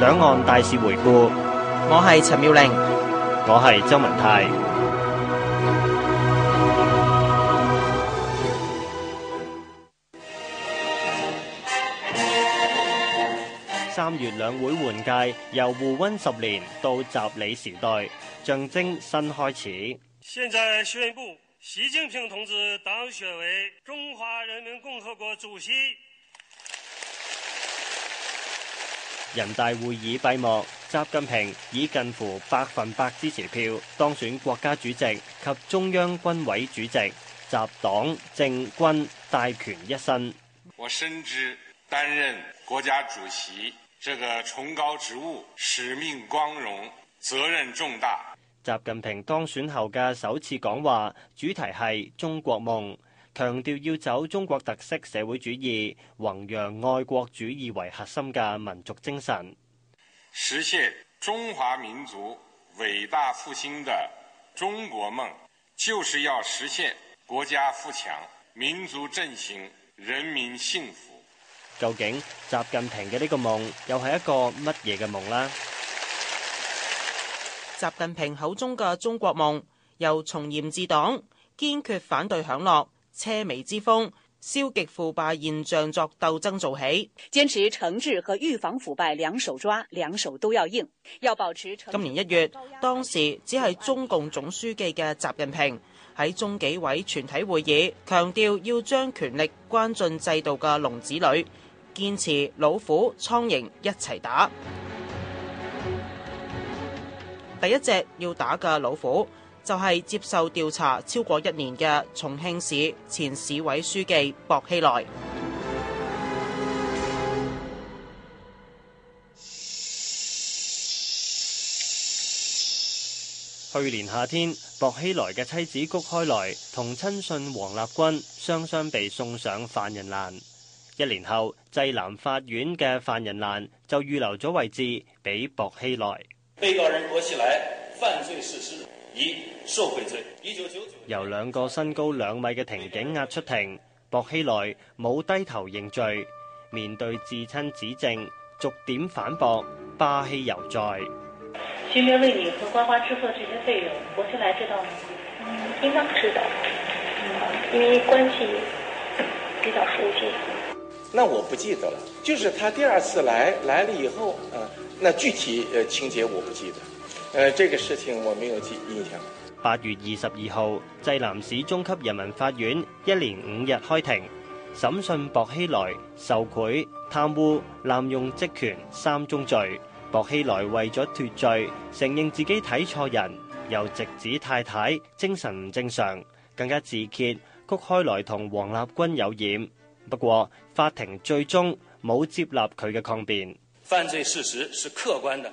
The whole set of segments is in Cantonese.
兩岸大事回顧，我係陳妙玲，我係周文泰。三月兩會換屆，由胡溫十年到習李時代，象徵新開始。現在宣布，習近平同志當選為中華人民共和國主席。人大會議閉幕，習近平以近乎百分百支持票當選國家主席及中央軍委主席，集黨政軍大權一身。我深知擔任國家主席這個崇高職務，使命光榮，責任重大。習近平當選後嘅首次講話主題係中國夢。強調要走中國特色社會主義，弘揚愛國主義為核心嘅民族精神，實現中華民族偉大復興的中國夢，就是要實現國家富強、民族振興、人民幸福。究竟習近平嘅呢個夢又係一個乜嘢嘅夢呢？習近平口中嘅中國夢，由從嚴治黨，堅決反對享樂。奢靡之風、消極腐敗現象作鬥爭做起，堅持懲治和預防腐敗兩手抓，兩手都要硬，要保持。今年一月，當時只係中共總書記嘅習近平喺中紀委全體會議強調，要將權力關進制度嘅籠子裏，堅持老虎蒼蠅一齊打。第一隻要打嘅老虎。就係、是、接受調查超過一年嘅重慶市前市委書記薄熙來。去年夏天，薄熙來嘅妻子谷開來同親信王立軍雙雙被送上犯人欄。一年後，濟南法院嘅犯人欄就預留咗位置俾薄熙來。被告人薄熙來犯罪事實。以受賄罪，一九九九由兩個身高兩米嘅庭警押出庭。薄熙來冇低頭認罪，面對至親指證，逐點反駁，霸氣猶在。徐明為你和瓜瓜支付這些費用，薄熙來知道嗎？嗯，應當知道，因為關係比較熟悉。那我不記得了，就是他第二次來，來了以後，嗯，那具體呃情節我不記得。呃這個事情我沒有記印象。八月二十二號，濟南市中級人民法院一連五日開庭審訊薄熙來受賄、貪污、濫用職權三宗罪。薄熙來為咗脱罪，承認自己睇錯人，又直指太太精神唔正常，更加自揭谷開來同王立軍有染。不過，法庭最終冇接納佢嘅抗辯。犯罪事實是客觀的。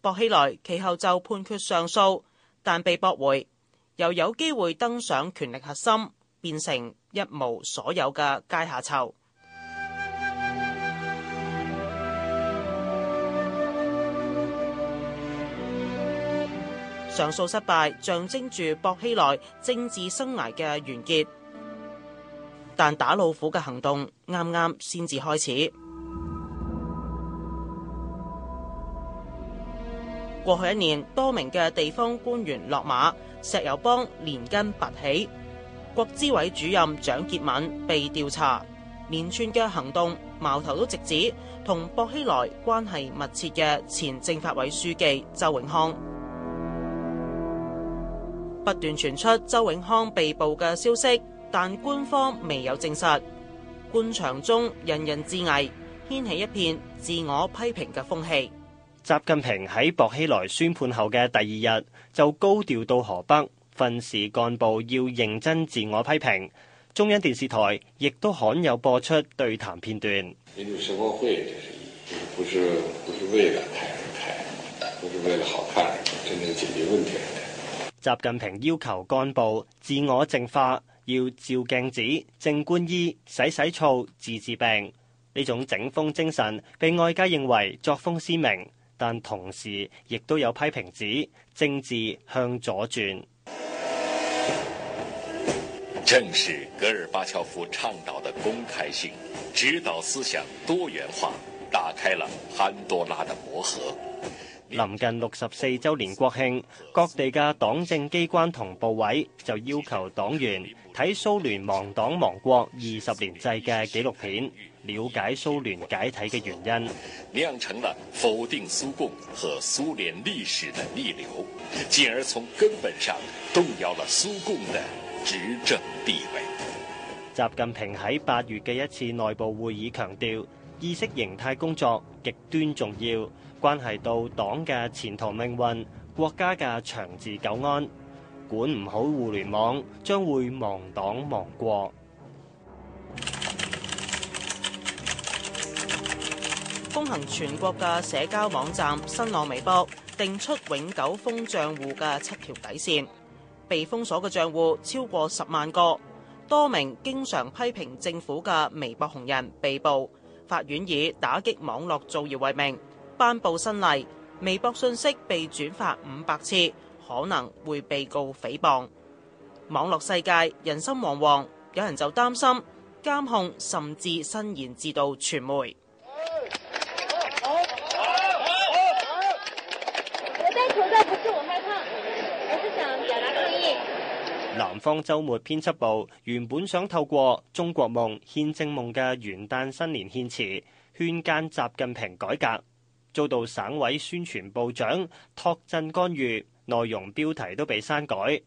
博希萊其後就判決上訴，但被駁回，又有機會登上權力核心，變成一無所有嘅階下囚。上訴失敗，象徵住薄熙來政治生涯嘅完結，但打老虎嘅行動啱啱先至開始。過去一年，多名嘅地方官員落馬，石油幫連根拔起。國資委主任蔣潔敏被調查，連串嘅行動矛頭都直指同薄熙來關係密切嘅前政法委書記周永康。不斷傳出周永康被捕嘅消息，但官方未有證實。官場中人人自危，掀起一片自我批評嘅風氣。習近平喺薄熙來宣判後嘅第二日就高調到河北，訓示幹部要認真自我批評。中央電視台亦都罕有播出對談片段。習、就是、近平要求幹部自我淨化，要照鏡子、正衣冠、洗洗澡、治治病。呢種整風精神被外界認為作風鮮明。但同時，亦都有批評指政治向左轉。正是戈爾巴喬夫倡導的公開性、指導思想多元化，打開了潘多拉的魔盒。臨近六十四週年國慶，各地嘅黨政機關同部委就要求黨員睇蘇聯亡黨亡國二十年制嘅紀錄片。了解蘇聯解體嘅原因，釀成了否定蘇共和蘇聯歷史的逆流，進而從根本上動搖了蘇共的執政地位。習近平喺八月嘅一次內部會議強調，意識形態工作極端重要，關係到黨嘅前途命運、國家嘅長治久安。管唔好互聯網將會亡黨亡國。通行全國嘅社交網站新浪微博，定出永久封賬戶嘅七條底線，被封鎖嘅賬戶超過十萬個，多名經常批評政府嘅微博紅人被捕。法院以打擊網絡造謠為名，頒布新例，微博信息被轉發五百次可能會被告誹謗。網絡世界人心惶惶，有人就擔心監控甚至伸延至到傳媒。南方周末編輯部原本想透過《中國夢》、《憲政夢》嘅元旦新年獻詞勸諫習近平改革，遭到省委宣傳部長庹震干預，內容標題都被刪改。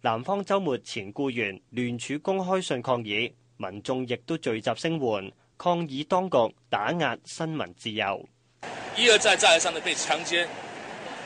南方周末前僱員聯署公開信抗議，民眾亦都聚集聲援抗議，當局打壓新聞自由。一而再，再而三被強姦。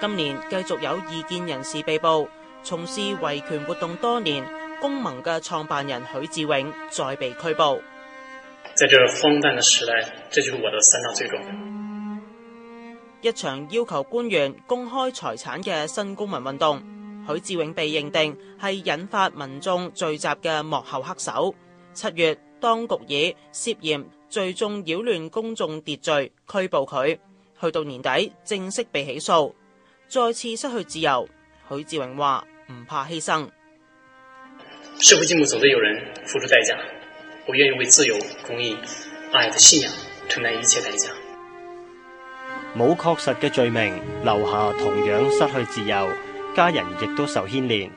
今年繼續有異見人士被捕，從事維權活動多年，公盟嘅創辦人許志永再被拘捕。在這荒誕嘅時代，這就是我的三大罪狀。一場要求官員公開財產嘅新公民運動，許志永被認定係引發民眾聚集嘅幕後黑手。七月，當局以涉嫌聚眾擾亂公眾秩序拘捕佢，去到年底正式被起訴。再次失去自由，許志永話唔怕犧牲。社會進步總得有人付出代價，我願意為自由、公義、愛的信仰承擔一切代價。冇確實嘅罪名，劉霞同樣失去自由，家人亦都受牽連。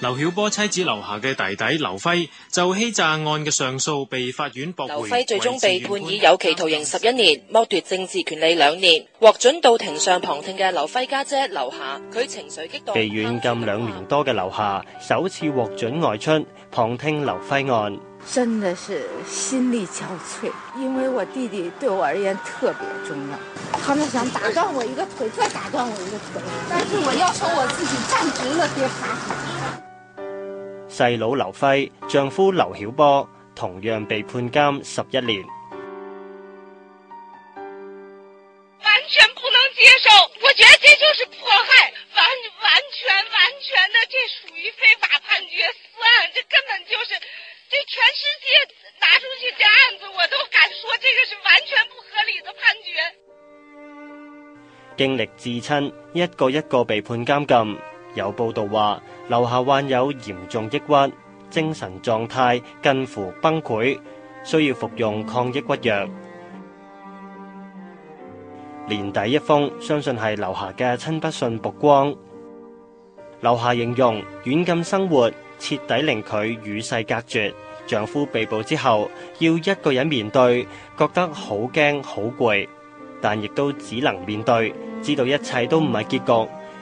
劉曉波妻子劉霞嘅弟弟劉輝。就欺詐案嘅上訴被法院駁回。劉輝最終被判以有期徒刑十一年，剝奪政治權利兩年。獲准到庭上旁聽嘅劉輝家姐，姐，姐劉霞，佢情緒激動。被軟禁兩年多嘅劉霞首次獲准外出旁聽劉輝案。真的是心力憔悴。因為我弟弟對我而言特別重要。他們想打斷我一個腿，再打斷我一個腿，但是我要求我自己站直了，別趴細佬劉輝、丈夫劉曉波同樣被判監十一年。完全不能接受，我覺得這就是迫害，完完全完全的，這屬於非法判決、私案，這根本就是，這全世界拿出去這案子，我都敢說，這個是完全不合理的判決。經歷至親，一個一個被判監禁。有報道話，樓下患有嚴重抑鬱，精神狀態近乎崩潰，需要服用抗抑鬱藥。年底一封，相信係樓下嘅親筆信曝光。樓下形容軟禁生活徹底令佢與世隔絕，丈夫被捕之後要一個人面對，覺得好驚好攰，但亦都只能面對，知道一切都唔係結局。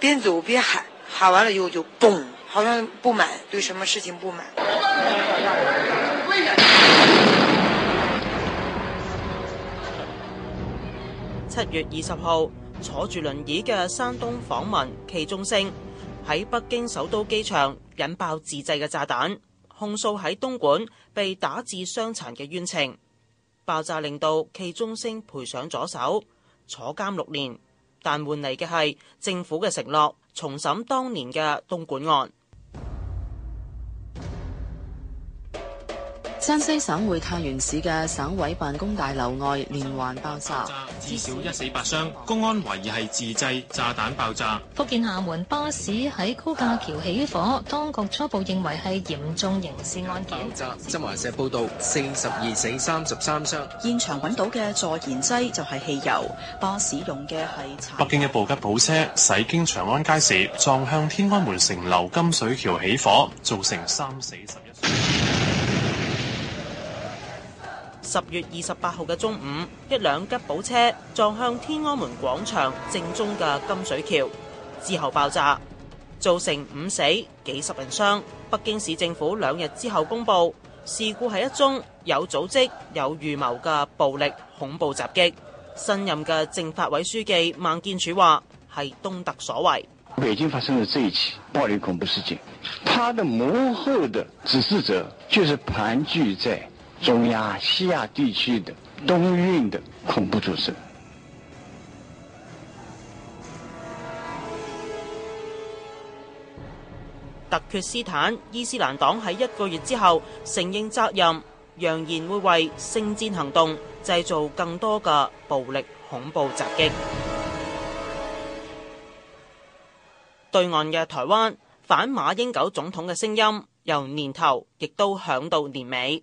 邊走邊喊，喊完了以後就嘣，好像不滿，對什麼事情不滿。七月二十號，坐住輪椅嘅山東訪民冀中星，在北京首都機場引爆自製嘅炸彈，控訴喺東莞被打致傷殘嘅冤情。爆炸令到冀中星賠上咗手，坐監六年。但換嚟嘅係政府嘅承諾，重審當年嘅東莞案。山西省會太原市嘅省委辦公大樓外連環爆炸，至少一死八傷，公安懷疑係自製炸彈爆炸。福建廈門巴士喺高架橋起火，當局初步認為係嚴重刑事案件。新華社報道，四十二死三十三傷，現場揾到嘅助燃劑就係汽油，巴士用嘅係柴油。北京一部吉普車駛經長安街時撞向天安門城樓金水橋起火，造成三死十一傷。十月二十八號嘅中午，一輛吉普車撞向天安門廣場正中嘅金水橋，之後爆炸，造成五死幾十人傷。北京市政府兩日之後公布，事故係一宗有組織、有預謀嘅暴力恐怖襲擊。新任嘅政法委書記孟建柱話：係東突所為。北京發生咗這一起暴力恐怖事件，他的幕後的指示者就是盤踞在。中亞、西亞地區的東運的恐怖組織，突厥斯坦伊斯蘭黨喺一個月之後承認責任，揚言會為聖戰行動製造更多嘅暴力恐怖襲擊。對岸嘅台灣反馬英九總統嘅聲音由年頭亦都響到年尾。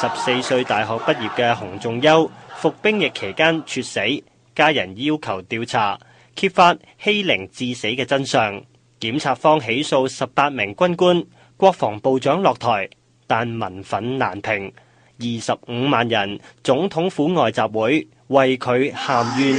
十四歲大學畢業嘅洪仲丘服兵役期間猝死，家人要求調查揭發欺凌致死嘅真相，檢察方起訴十八名軍官，國防部長落台，但民憤難平，二十五萬人總統府外集會為佢喊冤。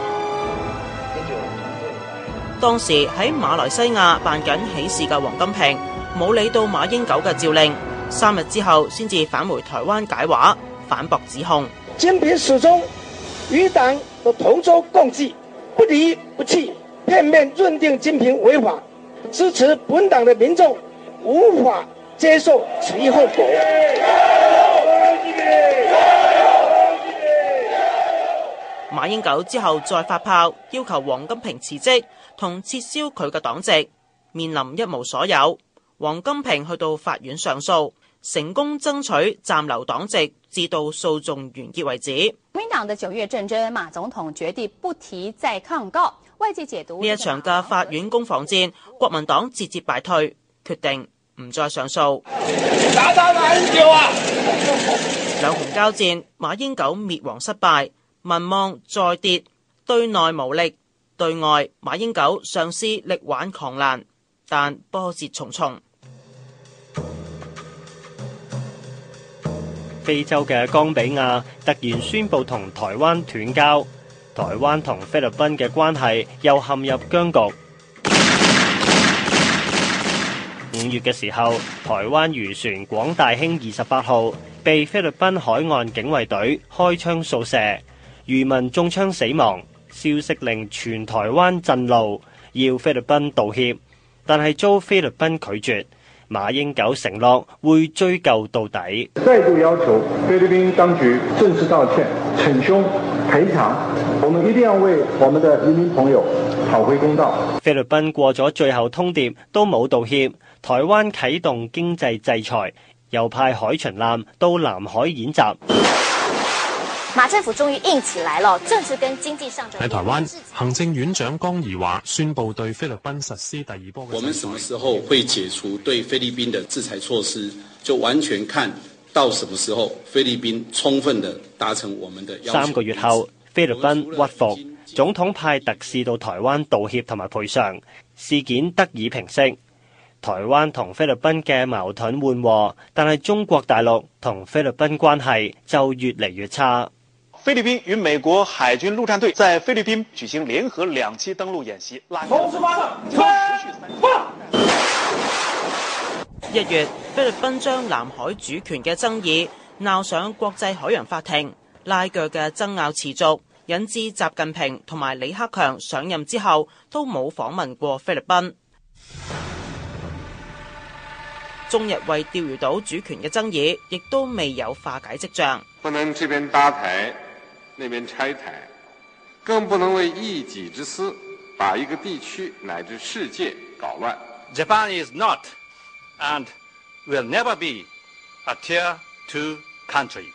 當時喺馬來西亞辦緊喜事嘅黃金平冇理到馬英九嘅召令，三日之後先至返回台灣解話反駁指控。金平始終與黨同舟共濟，不離不棄，片面認定金平違法，支持本黨嘅民眾無法接受此一後果。加油，金平，加油，金平，加油。馬英九之後再發炮要求黃金平辭職。同撤銷佢嘅黨籍，面臨一無所有。王金平去到法院上訴，成功爭取暫留黨籍，至到訴訟完結為止。民黨的九月政爭，馬總統決定不提再抗告，外界解讀呢一場嘅法院攻防戰，國民黨節節敗退，決定唔再上訴。打翻馬英九啊！兩雄交戰，馬英九滅亡失敗，民望再跌，對內無力。對外，馬英九嘗試力挽狂瀾，但波折重重。非洲嘅岡比亞突然宣布同台灣斷交，台灣同菲律賓嘅關係又陷入僵局。五月嘅時候，台灣漁船廣大興二十八號被菲律賓海岸警衛隊開槍掃射，漁民中槍死亡。消息令全台灣震怒，要菲律賓道歉，但係遭菲律賓拒絕。馬英九承諾會追究到底，再度要求菲律賓當局正式道歉、懲凶、賠償。我們一定要為我們的移民朋友討回公道。菲律賓過咗最後通牒都冇道歉，台灣啟動經濟制裁，又派海巡艦到南海演習。馬政府終於硬起來了，政治跟經濟上的。喺台灣，行政院長江宜樺宣布對菲律賓實施第二波嘅制裁。我們什麼時候會解除對菲律賓的制裁措施，就完全看到什麼時候菲律賓充分地達成我們的要求。三個月後，菲律賓屈服，總統派特使到台灣道歉同埋賠償，事件得以平息。台灣同菲律賓嘅矛盾緩和，但係中國大陸同菲律賓關係就越嚟越差。菲律賓與美國海軍陸戰隊在菲律賓舉行聯合兩棲登陸演習。同時發一月，菲律賓將南海主權嘅爭議鬧上國際海洋法庭，拉鋸嘅爭拗持續，引致習近平同埋李克強上任之後都冇訪問過菲律賓。中日為釣魚島主權嘅爭議，亦都未有化解跡象。不能這邊搭台。那邊拆台，更不能為一己之私，把一個地區乃至世界搞亂。Japan is not, and will never be, a tier two country.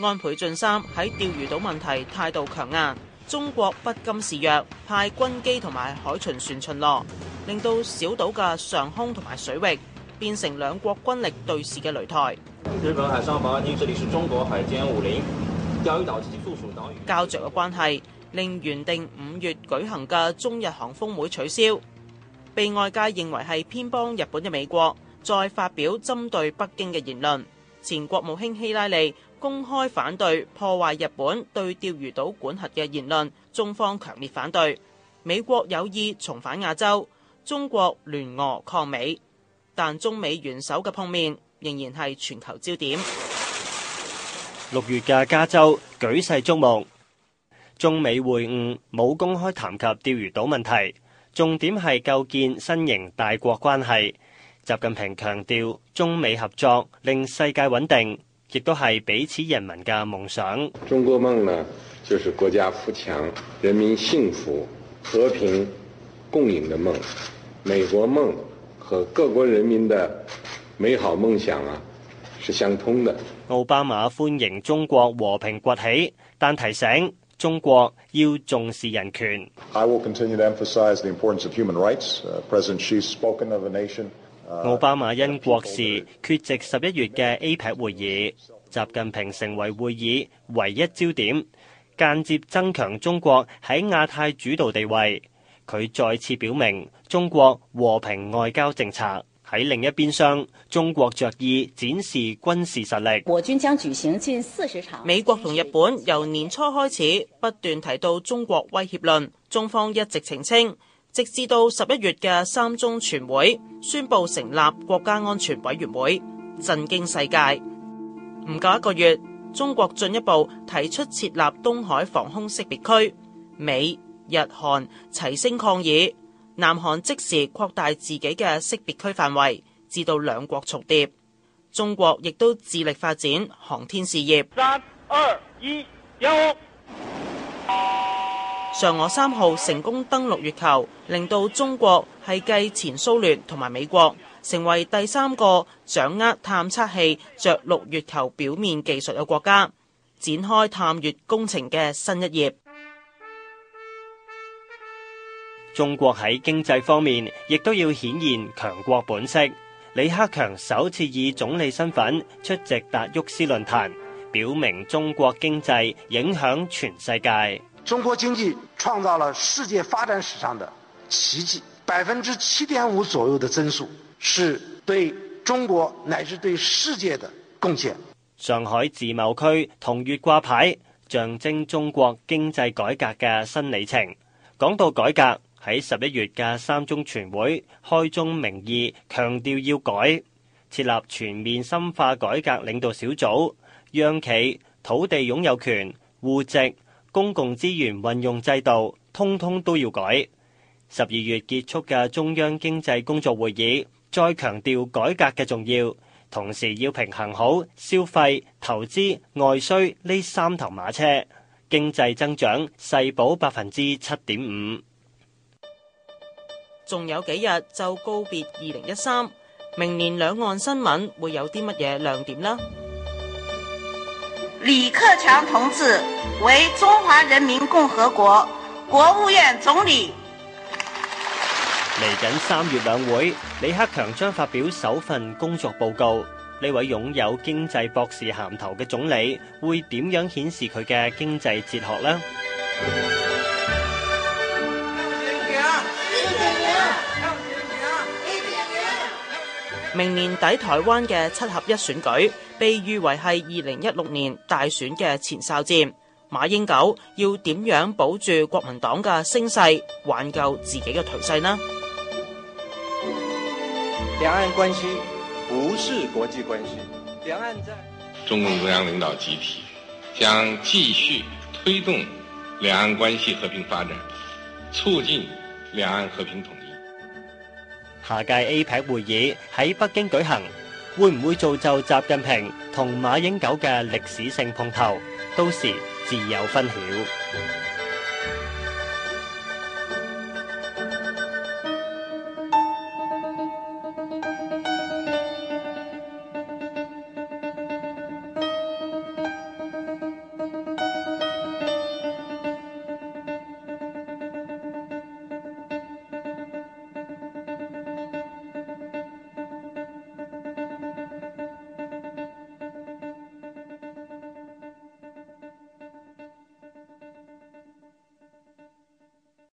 安倍晉三喺釣魚島問題態度強硬，中國不甘示弱，派軍機同埋海巡船巡邏，令到小島嘅上空同埋水域變成兩國軍力對峙嘅擂台。日本海上保安廳，這裏是中國海監五零。膠着嘅關係，令原定五月舉行嘅中日韓峰會取消，被外界認為係偏幫日本嘅美國再發表針對北京嘅言論。前國務卿希拉里公開反對破壞日本對釣魚島管轄嘅言論，中方強烈反對。美國有意重返亞洲，中國聯俄抗美，但中美元首嘅碰面仍然係全球焦點。六月嘅加州舉世矚目，中美會晤冇公開談及釣魚島問題，重點係構建新型大國關係。習近平強調，中美合作令世界穩定，亦都係彼此人民嘅夢想。中國夢呢，就是國家富強、人民幸福、和平共贏的夢。美國夢和各國人民的美好夢想啊，是相通的。奧巴馬歡迎中國和平崛起，但提醒中國要重視人權。奧、uh, 巴馬因國事缺席十一月嘅 APEC 會議，習近平成為會議唯一焦點，間接增強中國喺亞太主導地位。佢再次表明中國和平外交政策。喺另一邊廂，中國着意展示軍事實力。我軍將舉行近四十場。美國同日本由年初開始不斷提到中國威脅論，中方一直澄清。直至到十一月嘅三中全會，宣布成立國家安全委員會，震驚世界。唔夠一個月，中國進一步提出設立東海防空識別區，美日韓齊聲抗議。南韓即時擴大自己嘅識別區範圍，至到兩國重疊。中國亦都致力發展航天事業。三二一，一！嫦娥三號成功登陸月球，令到中國係繼前蘇聯同埋美國，成為第三個掌握探測器着陸月球表面技術嘅國家，展開探月工程嘅新一頁。中國喺經濟方面亦都要顯現強國本色。李克強首次以總理身份出席達沃斯論壇，表明中國經濟影響全世界。中國經濟創造了世界發展史上的奇蹟，百分之七點五左右的增速，是對中國乃至對世界的貢獻。上海自貿區同月掛牌，象徵中國經濟改革嘅新里程。講到改革，喺十一月嘅三中全會開宗明義，強調要改，設立全面深化改革領導小組，央企土地擁有權、戶籍、公共資源運用制度，通通都要改。十二月結束嘅中央經濟工作會議再強調改革嘅重要，同時要平衡好消費、投資、外需呢三頭馬車，經濟增長細保百分之七點五。仲有幾日就告別明年底台灣嘅七合一選舉被譽為係二零一六年大選嘅前哨戰，馬英九要點樣保住國民黨嘅聲勢，挽救自己嘅頹勢呢？兩岸關係不是國際關係，兩岸在中共中央領導集體將繼續推動兩岸關係和平發展，促進兩岸和平統一。下屆 APEC 會議喺北京舉行，會唔會造就習近平同馬英九嘅歷史性碰頭？到時自有分曉。